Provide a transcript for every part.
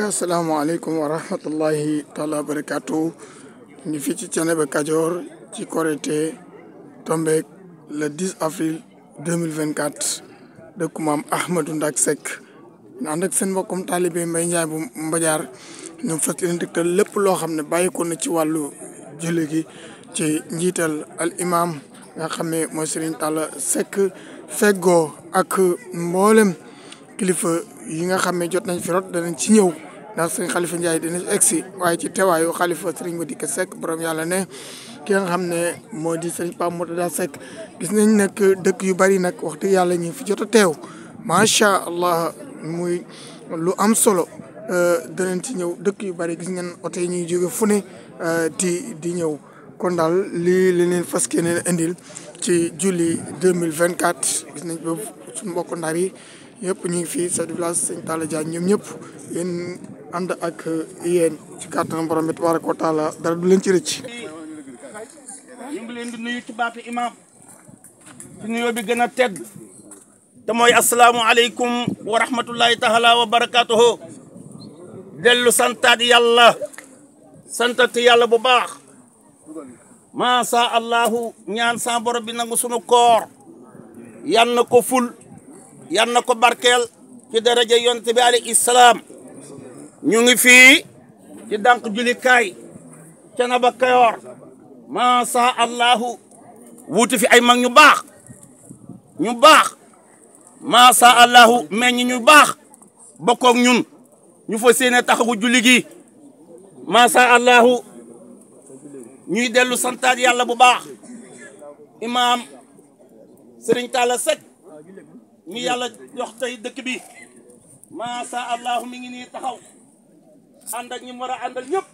asalaamaaleykum wa rahmatullahi taala wa barakaatu ñu fii ci Thiénaba Kajoor ci korite tombeek le 10 avril 2024 dëkku maam Ahmadou Ndak Seck ñu ànd ak seen mbokkum taalibe Mbaye Ndiaye bu Mbajaar ñu fas leen dëgtal lépp loo xam ne bàyyikoon na ci wàllu julli gi ci njiital al imam nga xam ne mooy Serigne Talla Seck feggoo ak mboolem kilifa yi nga xam ne jot nañ fi rot danañ ci ñëw ndax sëñ xalifa Ndiaye dina egg si waaye ci teewaayu xalifa sëriñ Madické Seck borom yàlla ne ki nga xam ne moo di sëriñ Pape Mourtada Seck gis nañ nag dëkk yu bari nag wax dëgg yàlla ñu fi jot a teew macha allah muy lu am solo euh, danañ ci ñëw dëkk yu bari gis ngeen oto yi ñuy jóge fu ne euh, di di ñëw kon daal li leen fas yéene indil ci julli deux mille vingt quatre gis nañ boobu suñu mbokku ndar yi. ñëpp ñu fi sa chef du village sëñ Talla Diagne ñoom ñëpp yeen and ak yeen ci kàttan borom bit war ko taala dara du leen ci recc ñu ngi leen di nuyu ci baatu imam ci nuyu bi gëna tedd te assalamu alaykum wa rahmatullahi taala wa barakaatuhu dellu santaat yàlla santaat yalla bu baax maasa allahu ñaan sa borom bi nangu suñu koor yan ko ful yalla ko barkel ci daraja yonent bi alayhi salaam ñu ngi fi ci kay ci na bakayor ma sa allahu wuti fi ay mag ñu bax ñu bax ma sa allahu meñ ñu bokong bokkoog ñun ñu fa seené taxawu julli gi ma sa allahu ñuy delu santat yalla bu bax imam Serigne mi yalla jox tay dekk bi sha allah mi ngi ni taxaw and ak ñi mara andal ñep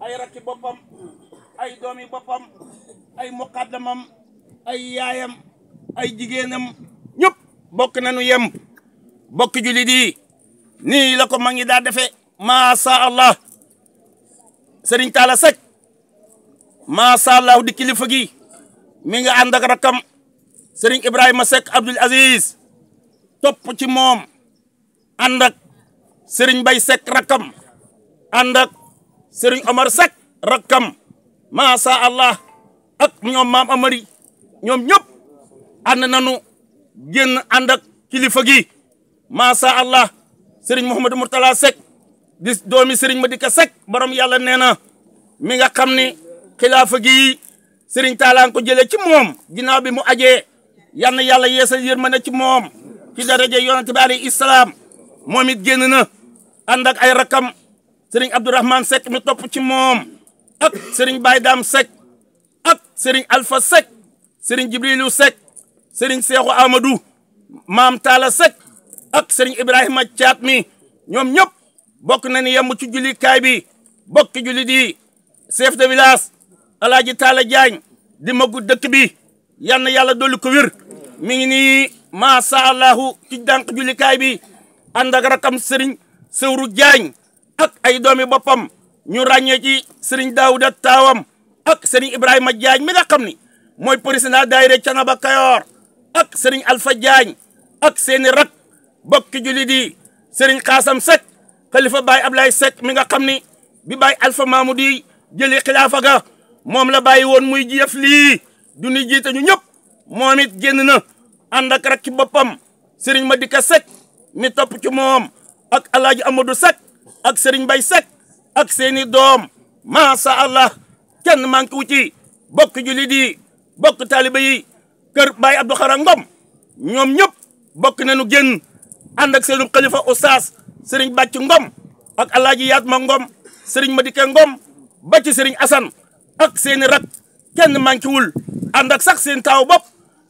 ay rakki bopam ay doomi bopam ay muqaddamam ay yaayam ay jigeenam ñep bok nañu yem bok julli di ni la ko ma ngi defé ma sha allah sëriñ taala ma sha allah di kilifa gi mi nga and ak rakam sëriñ ibrahima Seck abdul aziz top ci mom andak Serigne bay sek rakam andak Serigne Omar rakam ma sha allah ak ñom mam Amari ñom ñep and nañu genn andak kilifa gi sha allah Serigne mohammed Murtala sek, dis domi Serigne Madika sek borom yalla neena kamni mi nga xamni khilafa gi Serigne talan ko jele ci mom ginaaw bi mu aje yalla yalla yeesal yermane ci mom ci daraja yonent bi alayhi Islam, momit genn na andak ak ay rakam serigne abdourahman sek mi top ci mom ak sering Baye Sek, sering ak serigne Alpha Sek, serigne jibrilou sek serigne Seexu Amadou mam tala sek ak serigne Ibrahima Thiat mi ñom ñep bok na ni yam ci kay bi bok julli di chef de village alaji tala di magu dekk bi yalla na yàlla dolli ko wir mi ngi ni macha allahu ci dànq jullikaay bi ànd ak sëriñ sëwru jaañ ak ay doomi boppam ñu ràññee ci sëriñ daawuda taawam ak sëriñ ibrahima jaañ mi nga xam ni mooy président daayira canaba kayoor ak sëriñ alfa jaañ ak seeni rak bokki julli di sëriñ xaasam sekk xalifa baay ablaay sekk mi nga xam ni bi baay alfa maamu di jëli xilaafa ga moom la bàyyi woon muy jëf lii du ni jiite ñu ñëpp moom it génn na andak rek ci bopam Serigne Madika sek mi top ci mom ak El Amadou sek ak Serigne bay sek ak dom ma sha allah kenn manqué wu ci bok julli di bok talibe yi keur bay Abdou khara Ngom ñom ñep bok nañu genn andak serigne khalifa Oustaz Serigne Ngom ak El yat ma Ngom Serigne Madika Ngom ba ci Serigne Assane ak seni rak kenn anda wul andak sax seen taw bop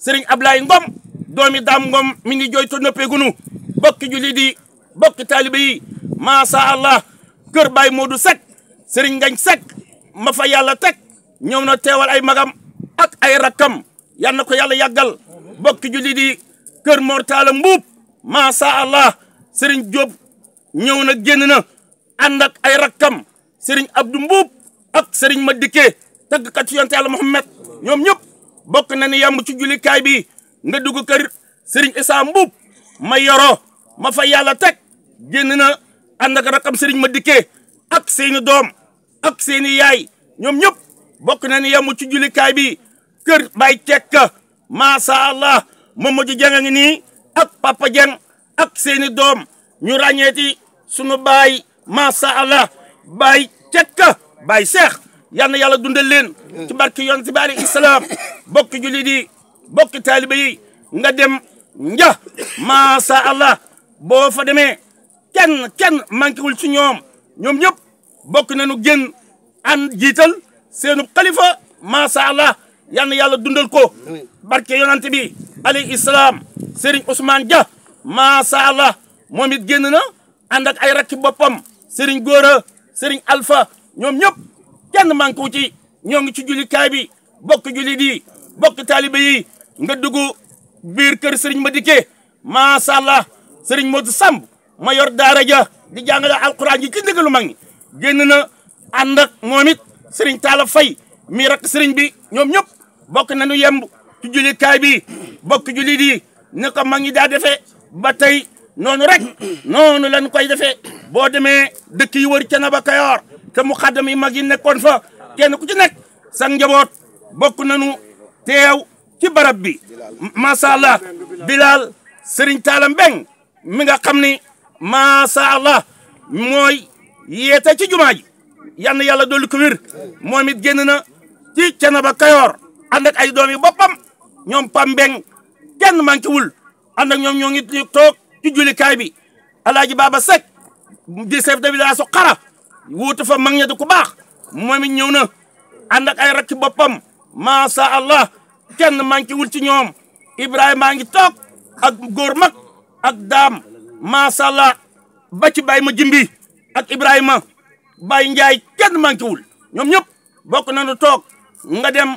Serigne Ablaye Ngom. doomi daam ngom mi ngi jooy to noppeegunu bokki julli di bokki taalibe yi maasa allah kër baay moodu sek sëriñ ngañ sek ma fa yàlla teg ñëw na teewal ay magam ak ay rakkam yal na ko yàlla yàggal bokki julli di kër mortala mbuub maasa allah sëriñ Diop ñëw na génn na ànd ay rakkam sëriñ abdu mbuub ak sëriñ ma dikkee tëggkat yonte yàlla Muhammad ñoom ñëpp bokk na ni yàmb ci jullikaay bi nga dugg kër Serigne isa mbub ma yoro ma fa yalla tek genn na ànd ak rakam Serigne ma dikke ak seenu dom ak seeni yaay ñom ñep bokk na ni ci kay bi kër bay cekka sha allah Mamadou Dieng a ngi nii ak Papa Dieng ak seeni dom ñu sunu ma sha allah bay cekka bay seex yalla yalla dundal len ci barki yoon islam bokk julli di bokki taalibe yi nga dem nja maasa allah boo fa demee kenn kenn manqué wul ci ñoom ñoom ñëpp bokk nañu génn an jiital seenu kalifa maasa allah yal na yàlla dundal ko barke yonante bi alayhi salaam Serigne Ousmane Dia maasa allah moom it na ànd ak ay rakki boppam Serigne Gora Serigne Alpha ñoom ñëpp kenn manqué wu ci ñoo ngi ci julli kaay bi bokk julli di bokk taalibe yi nga dugg biir kër Serigne Madické macha allah Serigne Modou Samb ma yor daara ja di jàngale alquran ji ci ndigalu mag ñi génn na ànd ak moom it Serigne Talla Faye mi rak Serigne bi ñoom ñëpp bokk nanu yemb ci julli kaay bi bokk julli di ne ko mag ñi daa defee ba tey noonu rek noonu lañ koy defe boo demee dëkk yi wër Thiénaba Kayoor te mu xaddam yi mag yi nekkoon fa kenn ku ci nekk sa njaboot bokk teew ci barab bi macha bilal serigne talam beng mi nga xamni ni macha allah mooy yeete ci jumaa ji yal yalla dolu ko wir momit genn na ci Thiénaba Kayoor ànd ak ay doomi bopam ñom pam beng, kenn ci wul ànd ak ñoom tok ngi toog ci bi alagi babasek sek di chef de village su xara wut fa mag du ku bax momit na ak ay macha allah kenn manqué wul ci ñoom Ibrahima ngi toog ak góor mag ak daam macha allah ba ci Baye ma jimbi ak Ibrahima Baye Ndiaye kenn manqué wul ñoom ñëpp bokk nañu toog nga dem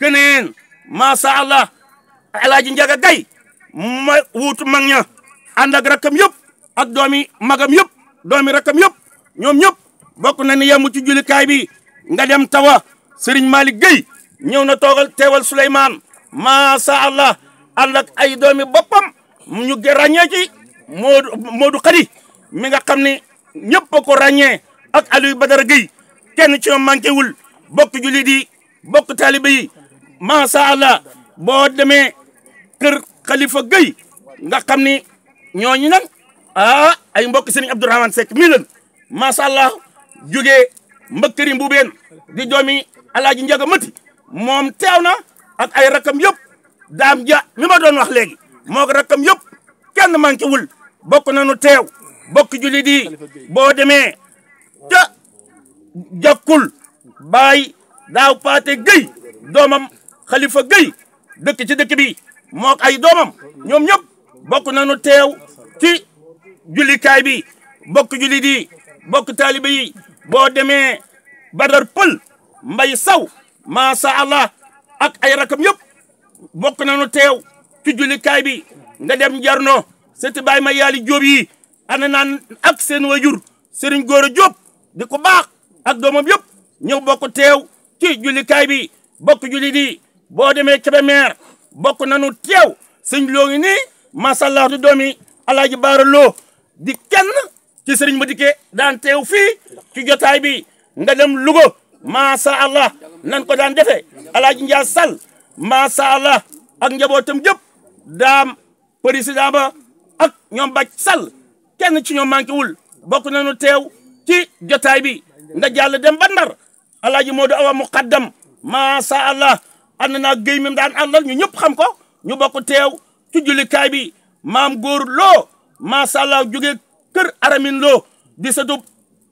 keneen macha allah El Hadj Ndiaga Gaye ma wuutu mag ña ànd ak rakkam yëpp ak doomi magam yëpp doomi rakkam yëpp ñoom ñëpp bokk nañu yamu ci jullikaay bi nga dem tawa Serigne Malick Gueye ñew na Tewal sulayman ma sha allah andak ay doomi bopam ñu ràññee ci Modou Modou mi nga xamni ñepp ko ràññee ak Aliou Badara gey kenn ci ñoom manké wul bokk julli di bokk talibé yi sha allah bo démé kër Khalifa gey nga xamni ni ñooñu ah ay mbokk Serigne Abdourahmane sek mii lan sha allah juggé mbëkkëri mbubeen di doomi Alaaji Njaga Mati moom teew na ak ay rakam yëpp daam ja mi ma doon wax léegi moo ko rakam yëpp kenn manqué wul bokk na nañu teew bokk jullit yi boo demee ca jàkkul baay daaw paate gëy doomam xalifa gëy dëkk ci dëkk bi moo ay doomam ñoom ñëpp bokk nañu teew ci jullikaay bi bokk jullit yi bokk taalibe boo demee badar pël mbay saw macha allah ak ay rakam yëpp bokk nañu teew ci jullikaay bi nga dem jarno seti bàyyi ma yàlla jóob yi ana naan ak seen wajur sëriñ góor a jóob di ko baax ak doomam yëpp ñëw bokk teew ci jullikaay bi bokk julli di boo demee Kébémer bokk nañu teew sëñ loo ngi nii macha allah du doomi alaaji baara loo di kenn ci sëriñ ma dikkee daan teew fii ci jotaay bi nga dem Louga macha allah nan ko daan defee alaaji Njaay Sall macha allah ak njabootam jëpp daam président ba ak ñoom Bac Sall kenn ci ñoom manqué wul bokk nañu teew ci jotaay bi nda jàll dem ba Ndar alaaji Moodu Awa muqaddam macha allah ànd naa géy mi daan àndal ñu ñëpp xam ko ñu bokk teew ci jullikaay bi maam góor loo macha allah jógee kër aramin loo di satub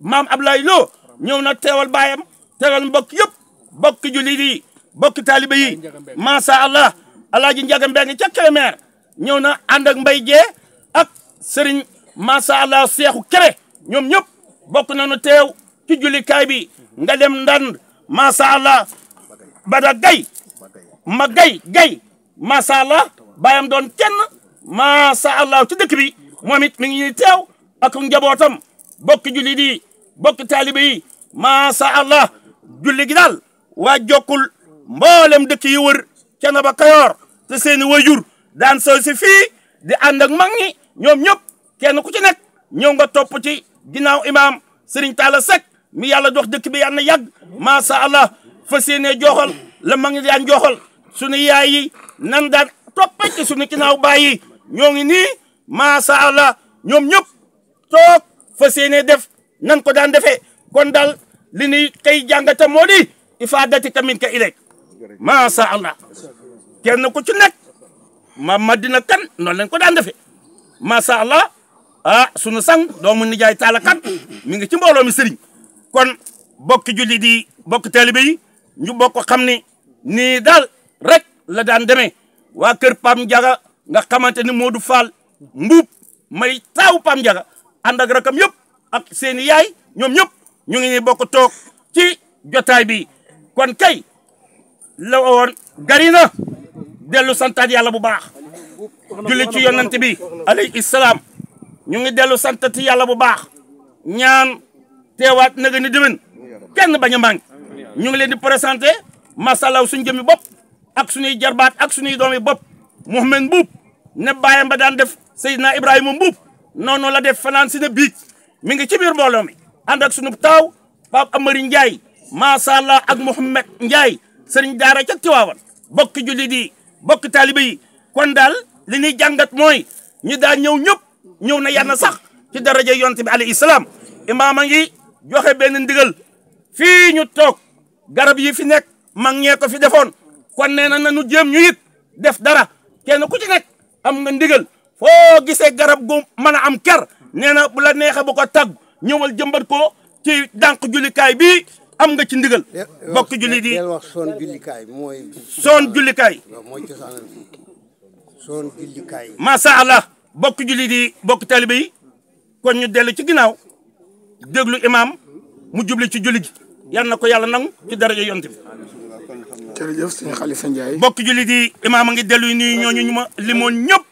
maam Ablaye loo ñëw na teewal baayam tegal mbokk yëpp mbokk jullit yi mbokk taalibe yi macha allah alaaji njaga mbeng ca Kébémer ñëw na ànd ak mbay jee ak sëriñ macha allah seexu kere ñoom ñëpp bokk nañu teew ci jullikaay bi nga dem ndand macha allah bada gay ma gay gay macha allah bàyyam doon kenn macha allah ci dëkk bi moom it mi ngi ñuy teew ak njabootam bokk jullit yi bokk taalibe yi macha allah julli gi daal waa jokkul mboolem dëkk yi wër Thiénaba Kayoor te seeni wayjur daan sooy si di ànd ak mag ñi ñoom ñëpp kenn ku ci nekk ñëw nga topp ci ginnaaw imaam Serigne Talla Seck yàlla jox dëkk bi yàlla na yàgg macha allah fa seenee joxal la mag ñi daan joxal suñu yaay yi nan daan toppee ci suñu ginnaaw baay yi ñoo ngi nii macha ñoom ñëpp toog fa seenee def nan ko daan defee kon daal Lini ni tey jàngata moo di ifaadati ka ilek sha allah kenn ko ci nek ma madina kan non lañ ko defé ma sha allah ah sunu sang mu nijaay taala kan mi ngi ci mbolo mi kon bokki julli di bokk talibé yi ñu bokk xamni ni dal rek la dan démé wa kër Pam Jaga nga xamanteni Modou Fall mbub may taw Pam Jaga ànd ak rakam yëpp ak seen yaay ñom ñu ngi ni bokk toog ci jotaay bi kon kay la woon gari dellu santaat yàlla bu baax julli ci yonent bi alayhi salaam ñu ngi dellu santati yàlla bu baax ñaan teewaat naga ni déwén kenn bañ a màng ñu ngi leen di présenté masalaw suñ jëmi bopp ak suñuy jarbaat ak suñuy doomi bopp Mouhamed Mbuub ne bàyyam ba daan def Seydina Ibrahima Mbuub noonu la def fanaan si na biig mi ngi ci biir mbooloo mi andak ak taw bab amari Amary ma sha allah ak sering Ndiaye serign dara ci Tiwaawan bokk jullit yi bokk talibi kon nyu li nyu jangat moy ñu da ñew ñew na yalla sax ci daraja yonte bi alayhi Islam imaam ngi joxe ben ndigal fi ñu tok garab yi fi nek mag ñe ko fi defoon kon neena na nu jëm ñu yit def dara kenn ku ci nek am nga ndigal fo gisee garab gu mana am ker neena bu la bu ko tagg ñëwal jëmbat ko ci dànq jullikaay bi am nga ci ndigal. bokk julli di soon jullikaay mooy. soon jullikaay. soon jullikaay. allah bokk julli di bokk talibe yi kon ñu dellu ci ginnaaw déglu imaam mu jubli ci julli gi yal na ko yàlla nangu ci daraja yonent bi. jërëjëf sëñ Khalifa Ndiaye. bokk julli di imaam a ngi dellu nuyu ñooñu ñu ma limoon ñëpp.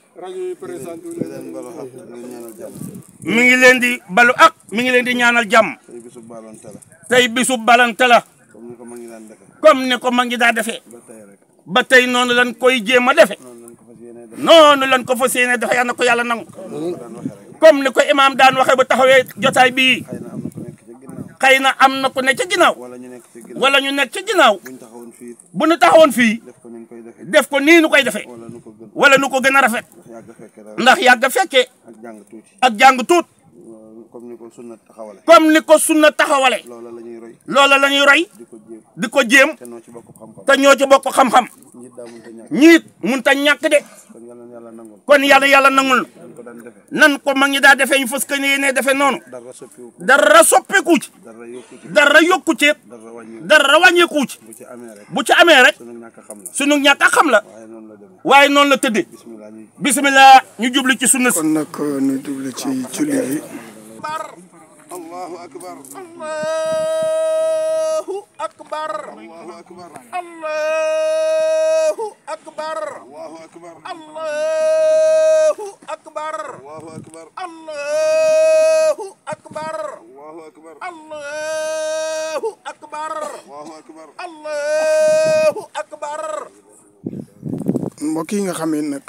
mi ngi leen di balu ak mi ngi leen di ñaanal jàmm. tey bisu balante la. tey bisu balante la. comme ni ko ma ngi daan defee. comme ni ko ma ngi daan defee. ba tey rek. ba tey noonu lan koy jéem a defee. noonu lan ko fas yéene defee yal na ko yàlla nangu. comme ni ko imaam daan waxee ba taxawee jotaay bii. xëy na am na ku ne ca ginnaaw. wala ñu nekk ca wala ñu nekk ca ginnaaw. bu nu taxawoon fii. def ko nii nu koy defee. wala nu ko gën a rafet. ndax yàgg fekkee. jàng tuuti. ak jàng tuut. comme ni ko sunna taxawale. comme ni ko sunna taxawale. loola la ñuy roy. loola la ñuy roy. di ko jéem di ko jéem. te ñoo ci bokk xam-xam ñiit mënut a ñàkk de. kon yàlla yàlla nangul. kon nan ko mag ñi daa defee ñu ne defee noonu. dara soppiku ci. dara yokku ci. dara wàññeeku ci. bu ci amee rek. bu ci amee xam la. waaye noonu la tëddee. bisimilah ñu jublu ci sunna si. kon nag euh, ñu jublu ci julli gi. allahu akbar allahu akbar allahu akbar allahu akbar allahu akbar mbokk yi nga xam ne nag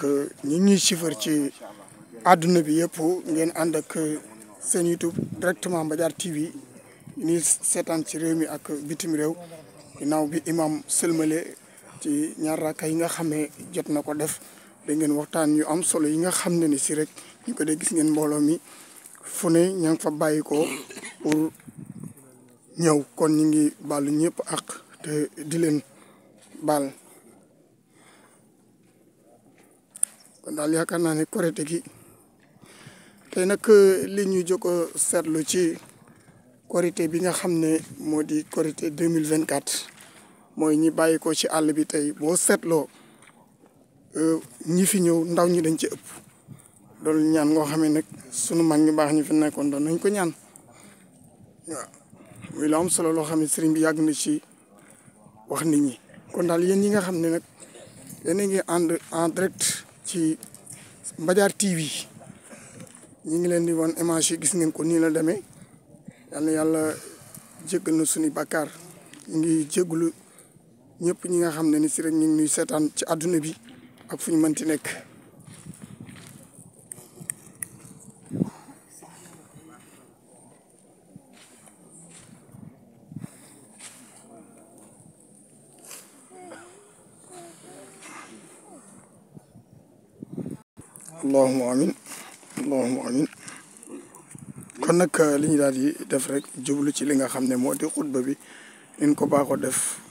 ñi ñuy sifar ci àdduna bi yëpp ngeen ànd ak seen YouTube directement Mbadiar TV ni seetaan ci réew mi ak bitim réew ginnaaw bi imam sëlmale ci ñaar raka yi nga xam ne jot na ko def da ngeen waxtaan yu am solo yi nga xam ne ni si rek ñu ko dee gis ngeen mbooloo mi fu ne ña fa bàyyi ko pour ñëw kon ñu ngi bal ñëpp ak te di leen baal daal yaakaar naa ne korite gi tey nag euh, li ñu jóg seetlu ci korite bi nga xam ne moo di korite deux mille vingt quatre mooy ñi bàyyi ko ci àll bi tey boo seetloo euh, ñi fi ñëw ndaw ñi dañ ci ëpp loolu ñaan ngoo xam ne nag sunu mag ñu baax ñu fi nekkoon doon nañ ko ñaan waaw muy la solo loo xam ne sëriñ bi yàgg na ci wax ni ñi kon daal yéen ñi nga xam ne nag yéen a ngi ànd en ci Mbadiar TV ñu ngi leen di wan image yi gis ngeen ko nii la demee yal na yàlla jéggal na suñu bàkkaar ngi jégalu ñëpp ñi nga xam ne ni si rek ñu ngi nuy seetaan ci àdduna bi ak fu ñu mënti nekk. allahuma amin allahuma amin kon nag li daal di def rek jublu ci li nga xam ne moo di xutba bi in ko baaxoo def